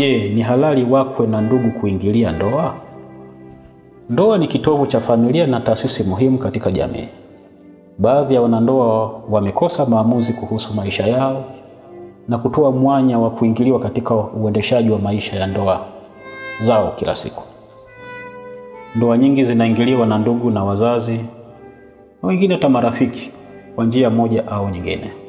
Je, ni halali wakwe na ndugu kuingilia ndoa? Ndoa ni kitovu cha familia na taasisi muhimu katika jamii. Baadhi ya wanandoa wamekosa maamuzi kuhusu maisha yao na kutoa mwanya wa kuingiliwa katika uendeshaji wa maisha ya ndoa zao kila siku. Ndoa nyingi zinaingiliwa na ndugu na wazazi na wengine hata marafiki kwa njia moja au nyingine.